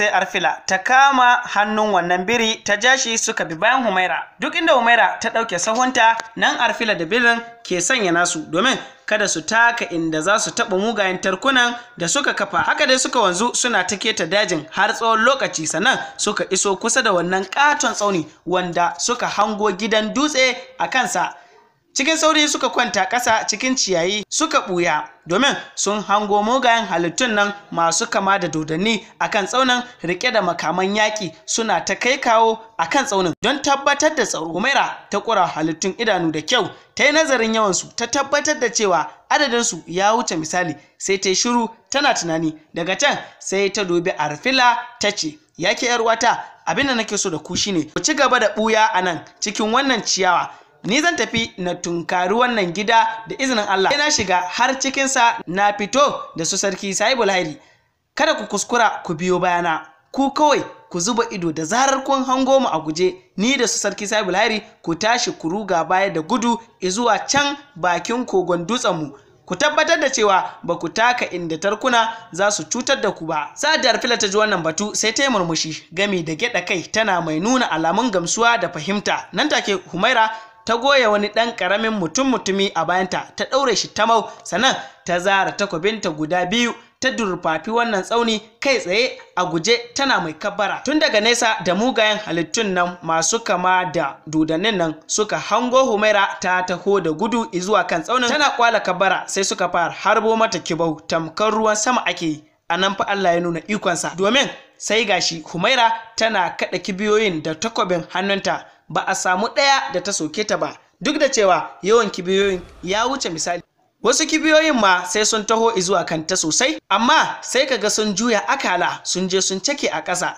sai arfila ta kama hannun wannan biri ta jashi suka bi bayan humaira duk inda humaira ta ɗauke sahunta nan arfila da birin ke sanya nasu domin kada su taka inda za su taɓa mugayen tarkunan da suka kafa haka dai suka wanzu suna ta keta dajin har tsawon lokaci sannan suka iso kusa da wannan katon tsauni wanda suka hango gidan dutse a kansa cikin sauri suka kwanta ƙasa cikin ciyayi suka ɓuya domin sun hango mugayen halittun nan masu kama da dodanni a kan tsaunin rike da makaman yaƙi suna ta kai kawo a kan tsaunin don tabbatar da tsaro maira ta ƙura halittun idanu da kyau ta yi nazarin yawansu ta tabbatar da cewa adadinsu ya wuce misali sai ta yi shiru tana tunani daga can sai ta dubi arfila ta ce yake 'yar wata abin da nake so da ku shine ku ci gaba da ɓuya a nan cikin wannan ciyawa ni zan tafi na tunkari wannan gida da izinin Allah na shiga har cikin sa na fito da su sarki Saibu Lahiri kada ku kuskura ku biyo bayana ku kawai ku zuba ido da zarar kun hango mu a guje ni da su sarki Saibu Lahiri ku tashi ku ruga baya da gudu izuwa can bakin kogon dutsen mu ku tabbatar da cewa ba ku taka inda tarkuna za su cutar da ku ba da fila ta ji wannan batu sai ta yi murmushi gami da gyaɗa kai tana mai nuna alamun gamsuwa da fahimta nan take humaira ta goya wani ɗan ƙaramin mutum-mutumi a bayanta ta ɗaure shi ta mau sannan ta zara takobinta guda biyu ta durfafi wannan tsauni kai tsaye a guje tana mai kabbara tun daga nesa da mugayen halittun nan masu kama da dodannin nan suka hango humaira ta taho da gudu zuwa kan tsaunin tana kwala kabbara sai suka fara harbo mata kibau tamkar ruwan sama ake yi a nan fa Allah ya nuna ikonsa domin sai gashi humaira tana kada kibiyoyin da takobin hannunta ba a samu ɗaya da ta soke ta ba duk da cewa yawan kibiyoyin ya wuce misali wasu kibiyoyin ma sai sun taho izuwa kanta sosai amma sai kaga sun juya akala sun je sun cake a ƙasa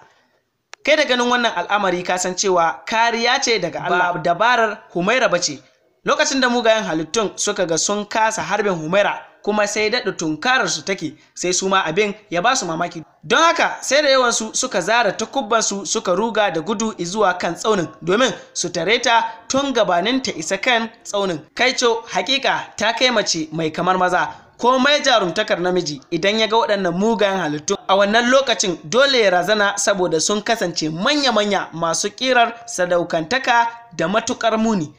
kai da ganin wannan al'amari ka san cewa kariya ce daga Allah dabarar Humaira bace lokacin da mugayen halittun suka ga sun kasa harbin humaira kuma sai daɗa tunkarar su take sai su ma abin ya ba su mamaki don haka sai da yawan su suka zara su suka ruga da gudu izuwa kan tsaunin domin su tare ta tun gabanin ta isa kan tsaunin kaico hakika ta kai mace mai kamar maza ko mai jarumtakar namiji idan ya ga waɗannan mugayen halittu a wannan lokacin dole ya razana saboda sun kasance manya-manya masu ƙirar sadaukantaka da matukar muni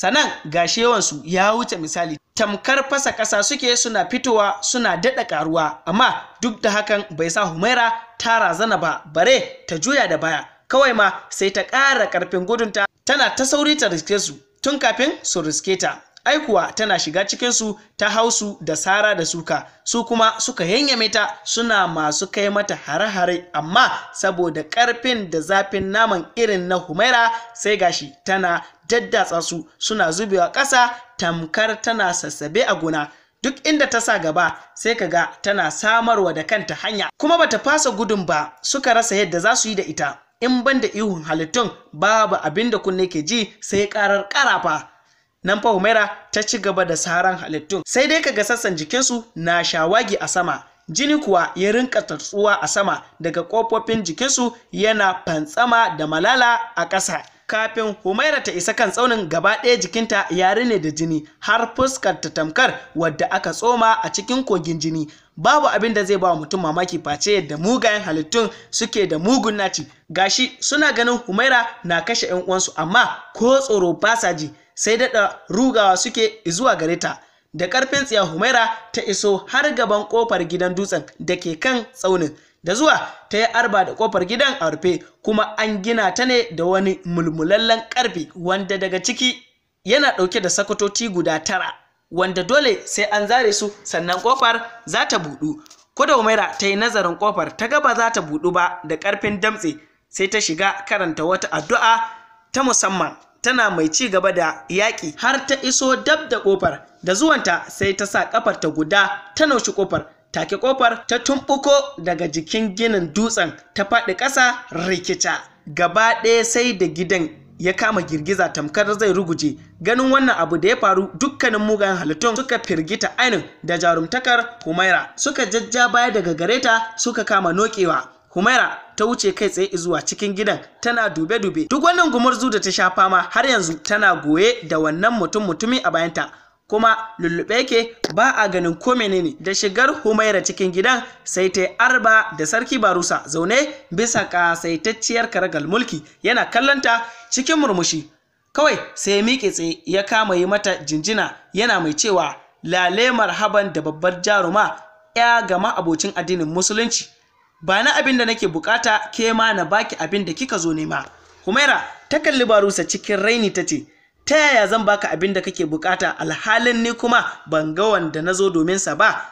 sannan gashi yawansu ya wuce misali tamkar fasa ƙasa suke suna fitowa suna daɗa ƙaruwa amma duk da hakan bai sa humaira ta razana ba bare ta juya da baya kawai ma sai ta ƙara ƙarfin gudunta tana ta sauri ta riske su tun kafin su riske ta aikuwa tana shiga cikinsu ta hausu da sara da suka su kuma suka yanyame ta suna masu kai mata hare-hare amma saboda ƙarfin da zafin naman irin na humaira sai gashi tana daddatsa su suna zubewa ƙasa tamkar tana sassabe a gona duk inda ta sa gaba sai ka ga tana samarwa da kanta hanya kuma bata fasa gudun ba suka rasa yadda za su yi da ita in ban da ihun halittun babu abin da kunne ke ji sai karar karafa nan fa humaira ta ci gaba da saran halittun sai dai kaga sassan jikinsu na shawagi a sama jini kuwa ya rinka tatsuwa a sama daga kofofin jikinsu yana fantsama da malala a ƙasa kafin humaira ta isa kan tsaunin gaba ɗaya jikinta ya rine da jini har fuskar ta tamkar wadda aka tsoma a cikin kogin jini babu abin da zai ba mutum mamaki face yadda mugayen halittun suke da mugun naci gashi suna ganin humaira na kashe 'yan uwansu amma ko tsoro ba ji sai daɗa rugawa suke zuwa gareta. da ƙarfin tsiya humaira ta iso har gaban ƙofar gidan dutsen da ke kan tsaunin da zuwa ta yi arba da kofar gidan a rufe kuma an gina ta ne da wani mulmulallen karfe wanda daga ciki yana ɗauke da sakwatoci guda tara wanda dole sai an zare su sannan kofar za ta buɗu koda umaira ta yi nazarin kofar ta gaba za ta buɗu ba da ƙarfin damtse sai ta shiga karanta wata addu'a ta musamman tana mai ci gaba da yaƙi har ta iso dab da ƙofar da zuwanta sai ta sa ƙafar ta guda ta naushi ƙofar take kofar ta tumbuko daga jikin ginin dutsen ta faɗi ƙasa rikica gaba ɗaya sai da gidan ya kama girgiza tamkar zai ruguje ganin wannan abu da ya faru dukkanin mugayen halittun suka firgita ainin da jarumtakar humaira suka jajja baya daga gareta suka kama nokewa Humaira ta wuce kai tsaye zuwa cikin gidan tana dube-dube. Duk wannan gumurzu da ta sha fama har yanzu tana goye da wannan mutum mutumi a bayanta. kuma lullube yake ba a ganin ko menene da shigar humaira cikin gidan sai ta arba da sarki barusa zaune bisa kasaitacciyar karagal mulki yana kallanta cikin murmushi kawai sai ya miƙe tsaye ya kama yi mata jinjina yana mai cewa lale marhaban da babbar jaruma ya gama abocin addinin musulunci ba na abin da nake bukata ke ma na baki abin da kika zo nema humaira ta kalli barusa cikin raini ta ce ta yaya zan baka abin da kake bukata alhalin ni kuma ban ga wanda nazo domin sa ba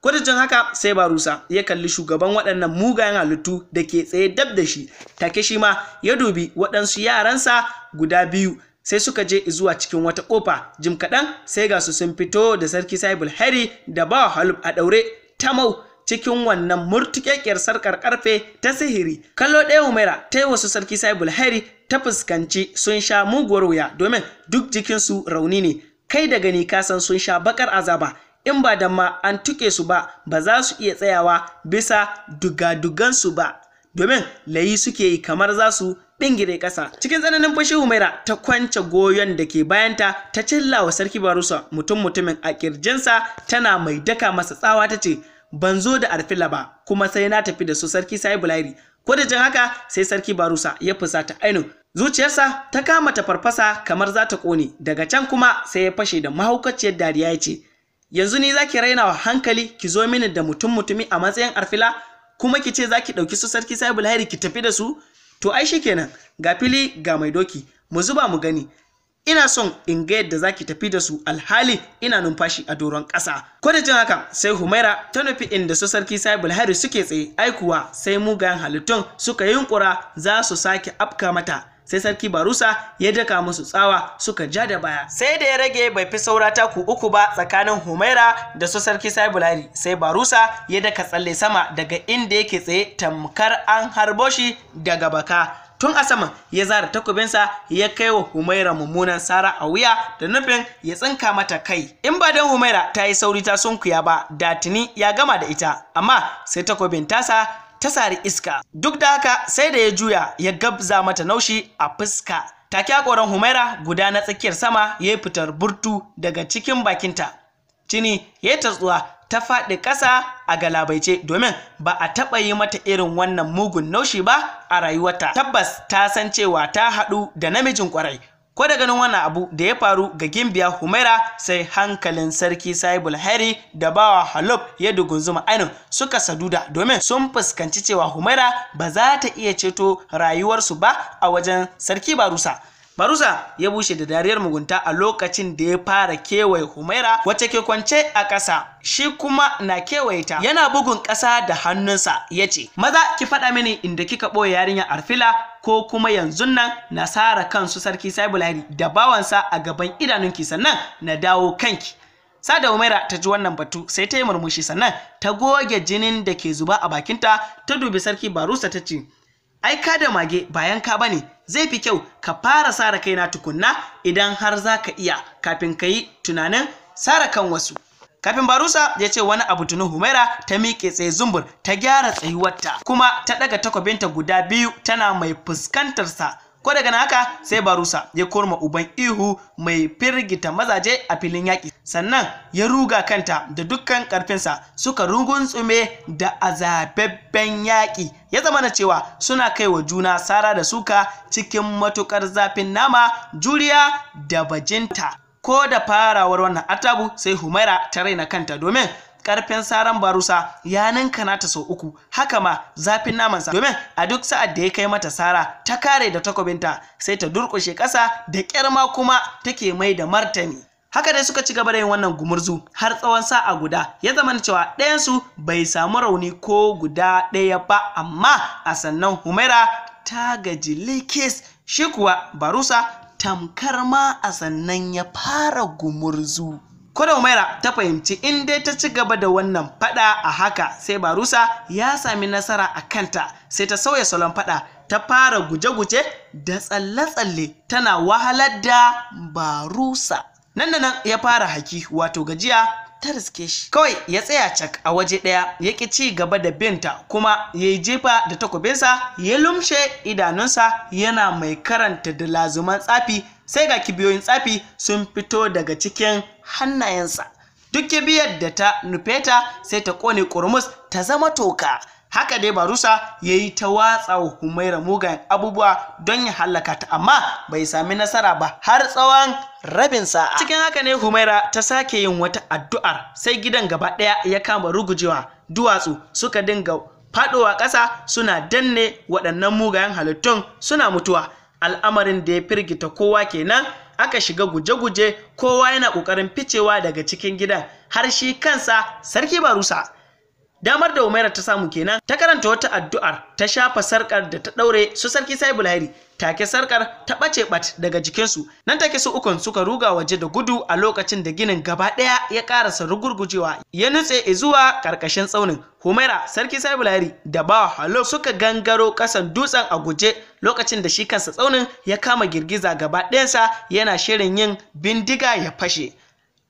kwatancin haka sai barusa ya kalli shugaban waɗannan mugayen halittu da ke tsaye dab da shi take shi ma ya dubi waɗansu yaransa guda biyu sai suka je zuwa cikin wata ƙofa jim kaɗan sai ga su sun fito da sarki saibul hari da bawa halub a ɗaure mau. cikin wannan murtuƙeƙiyar sarkar ƙarfe ta sihiri kallo ɗaya umaira ta yi wasu sarki saibul hairi ta fuskanci sun sha muguwar wuya domin duk jikinsu rauni ne kai da gani ka san sun sha baƙar azaba in ba da ma an tuƙe su ba ba za su iya tsayawa bisa dugadugansu ba domin layi suke yi kamar za su ɗingire ƙasa cikin tsananin fushi humaira ta kwance goyon da ke bayanta ta cilla wa sarki barusa mutum mutumin a ƙirjinsa tana mai daka masa tsawa ta ce ban zo da arfila ba kuma sai na tafi da su sarki sai bulairi ko da jin haka sai sarki barusa ya fusa ta ainu zuciyarsa ta kama ta farfasa kamar za ta kone daga can kuma sai ya fashe da mahaukaciyar dariya ya ce yanzu ni zaki raina wa hankali ki zo mini da mutum mutumi a matsayin arfila kuma ki ce zaki ɗauki su sarki sai bulairi ki tafi da su to ai shikenan ga fili ga mai doki mu zuba mu gani ina son in ga yadda zaki tafi da su alhali ina numfashi a doron ƙasa ko da jin haka sai humaira ta nufi inda su sarki Sai hari suke tsaye aikuwa sai mugayen halittun suka yunƙura za su sake afka mata sai sarki barusa ya daka musu tsawa suka ja da baya sai da ya rage bai fi saura taku uku ba tsakanin humaira da su sarki saibulari sai barusa ya daka tsalle sama daga inda yake tsaye tamkar an harbo shi daga baka tun a sama ya zara takobinsa ya kai wa Humaira mummunan sara a wuya da nufin ya tsinka mata kai. In ba don Humaira ta yi sauri ta sunkuya ba, da tuni ya gama da ita, amma sai takobin tasa ta sari iska. Duk da haka sai da ya juya ya gabza mata naushi a fuska. Take koran Humaira guda na tsakiyar sama ya yi fitar burtu daga cikin bakinta. jini ya tatsuwa ta faɗi ƙasa a galabaice domin ba a taɓa yi mata irin wannan mugun naushi ba a rayuwarta tabbas ta san cewa ta haɗu da namijin kwarai ko da ganin wannan abu da ya faru ga gimbiya humaira sai hankalin sarki saibul hari da bawa halop ya dugunzuma ainihin suka saduda domin sun fuskanci cewa humaira ba za ta iya ceto rayuwarsu ba a wajen sarki barusa Barusa ya bushe da dariyar mugunta a lokacin da ya fara kewaye Humaira wacce ke kwance a ƙasa shi kuma na kewaye ta yana bugun ƙasa da hannunsa ya ce maza ki faɗa mini inda kika ɓoye yarinyar Arfila ko kuma yanzu nan na sara kansu sarki Saibulari da bawansa a gaban idanunki sannan na dawo kanki Sada Humaira ta ji wannan batu sai ta yi murmushi sannan ta goge jinin da ke zuba a bakinta ta dubi sarki Barusa ta ce ai ka da mage bayan ka bane zai fi kyau ka fara sara kaina tukunna idan har za ka iya kafin ka yi tunanin sara kan wasu kafin barusa ya ce wani abu tunu humaira ta miƙe tsaye zumbur ta gyara tsayuwarta kuma ta ɗaga takwabinta guda biyu tana mai fuskantarsa ko daga haka sai barusa ya korma uban ihu mai firgita mazaje a filin yaƙi sannan ya ruga kanta da dukkan ƙarfinsa suka tsume da azababben yaƙi ya zama na cewa suna kai wa juna sara da suka cikin matuƙar zafin nama juriya da bajinta ko da farawar wannan atabu sai humaira ta raina kanta domin karfin saran barusa ya ninka nata sau uku haka ma zafin namansa domin a duk sa'ad da ya kai mata sara ta kare da takobinta sai ta durƙushe ƙasa da ƙyarma kuma take mai da martani haka dai suka ci gaba da yin wannan gumurzu har tsawon sa'a guda ya zama cewa ɗayansu bai samu rauni ko guda ɗaya ba amma a sannan humaira ta gaji likis shi kuwa barusa tamkar ma a sannan ya fara gumurzu Kodomaira Umaira ta fahimci in dai ta ci gaba da wannan fada a haka sai Barusa ya sami nasara a kanta sai ta sauya salon fada ta fara guje-guje da tsalle-tsalle tana wahalar da Barusa. Nan da nan ya fara haki wato gajiya ta riske shi. Kawai ya tsaya cak a waje ɗaya ya ki ci gaba da binta kuma ya yi jefa da takobinsa ya lumshe idanunsa yana mai karanta da lazuman tsafi sai ga kibiyoyin tsafi sun fito daga cikin hannayensa duk kibiyar da ta nufe ta sai ta kone kurmus ta zama toka haka dai barusa ya yi ta watsa wa humaira mugayen abubuwa don ya hallaka ta amma bai sami nasara ba har tsawon rabin sa'a cikin haka ne humaira ta sake yin wata addu'ar sai gidan gaba ɗaya ya kama rugujewa duwatsu suka dinga faɗowa ƙasa suna danne waɗannan mugayen halittun suna mutuwa al'amarin da ya firgita kowa kenan aka shiga guje-guje kowa yana ƙoƙarin ficewa daga cikin gidan har shi kansa sarki barusa damar da Umaira ta samu kenan ta karanta wata addu'ar ta shafa sarkar da ta daure su sarki sai Bulhari take sarkar ta bace bat daga jikinsu nan take su ukun suka ruga waje da gudu a lokacin da ginin gaba daya ya karasa rugurgujewa ya nutse zuwa karkashin tsaunin Humaira sarki sai Bulhari da bawa Halo suka gangaro kasan dutsen a guje lokacin da shi kansa tsaunin ya kama girgiza gaba ɗayansa yana shirin yin bindiga ya fashe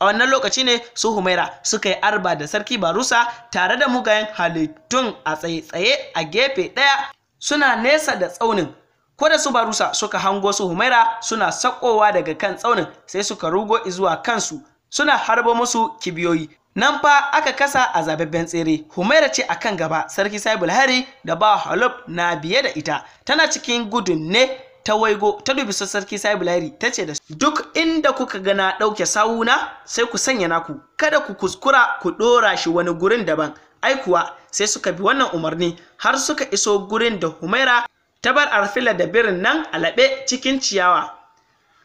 a wannan lokaci ne su humaira suka yi arba da sarki barusa tare da mugayen halittun a tsaye-tsaye a gefe ɗaya suna nesa da tsaunin ko da su barusa suka hango su humaira suna sakowa daga kan tsaunin sai suka rugo izuwa kansu suna harbo musu kibiyoyi nan fa aka kasa a zababben tsere humaira ce a kan gaba sarki saibul hari da ba halub na biye da ita tana cikin gudun ne ta waigo ta dubi sarki sai lairi ta ce da duk inda kuka ga na ɗauke sawuna sai ku sanya naku kada ku kuskura ku ɗora shi wani gurin daban ai kuwa sai suka bi wannan umarni har suka iso gurin da humaira ta bar arfila da birin nan a laɓe cikin ciyawa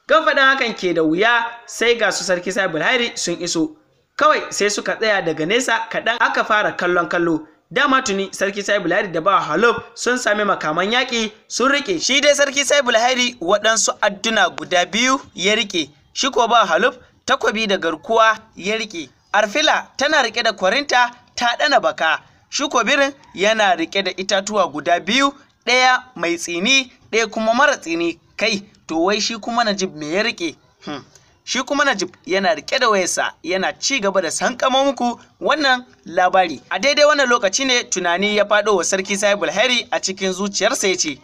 gan faɗin hakan ke da wuya sai ga su sarki sai lairi sun iso kawai sai suka tsaya daga nesa kaɗan aka fara kallon kallo dama tuni sarki sai bulhari da ba halob sun sami makaman yaƙi sun rike shi dai sarki sai bulhari waɗansu adduna guda biyu ya rike shi ko ba halob takobi da garkuwa ya rike arfila tana rike da kwarinta ta ɗana baka shi ko birin yana rike da itatuwa guda biyu ɗaya mai tsini ɗaya kuma mara tsini kai to wai shi kuma najib me ya rike hmm. shi kuma Najib yana rike da wayarsa yana ci gaba da sankama muku wannan labari a daidai wannan lokaci ne tunani ya faɗo wa sarki Saibul Alheri a cikin zuciyarsa ya ce.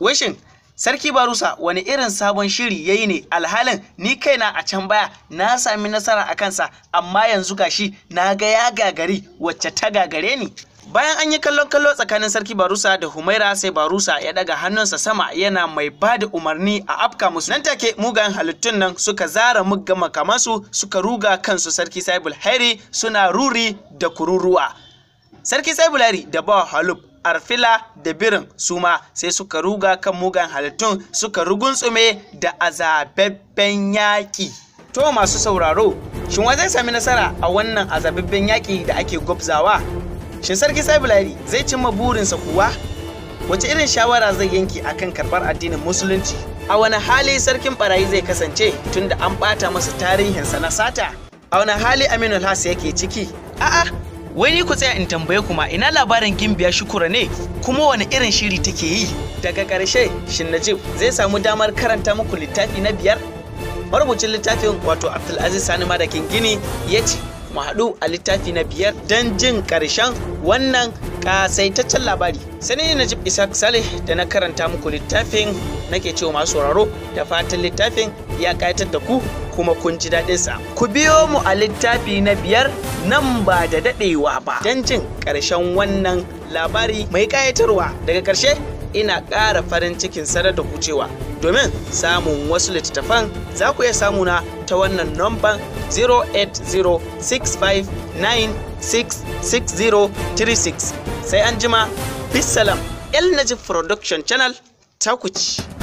wishin Sarki Barusa wani irin sabon shiri yayi ne alhalin ni kaina a can baya na sami nasara a kansa amma yanzu gashi na ga ya gagari wacce ta gagare ni bayan an yi kallon kallo tsakanin sarki barusa da humaira sai barusa ya daga hannunsa sama yana mai ba da umarni a afka musu nan take mugayen halittun nan suka zara muga makamansu suka ruga kansu sarki saibul hairi suna ruri da kururuwa sarki saibul hairi da bawa halub arfila da birin suma sai suka ruga kan mugan halittun suka rugun tsume da azababben yaƙi to masu sauraro shin wa zai sami nasara a wannan azababben yaƙi da ake gwabzawa Shin Sarki Sabulari zai cimma burinsa kuwa? Wace irin shawara zai yanke akan karɓar addinin Musulunci? A wani hali sarkin barayi zai kasance tunda an ɓata masa tarihinsa na sata? A wani hali Aminu Hasa yake ciki? A'a, wai ni ku tsaya in tambaye kuma ina labarin gimbiya shukura ne kuma wani irin shiri take yi daga ƙarshe shin najib zai samu damar karanta muku littafi na biyar marubucin littafin wato abdulaziz sani madakin gini ya ce mu haɗu a littafi na biyar don jin ƙarshen wannan ƙasaitaccen labari. Sani ne Najib Isaac Saleh da na karanta muku littafin nake cewa masu sauraro da fatan littafin ya ƙayatar da ku kuma kun ji daɗinsa. Ku biyo mu a littafi na biyar nan ba da daɗewa ba don jin ƙarshen wannan labari mai ƙayatarwa daga ƙarshe ina ƙara farin cikin sanar da ku domin samun wasu littattafan za ku iya samuna ta wannan nomban 08065966036 sai an jima bisalam el production channel ta kuci.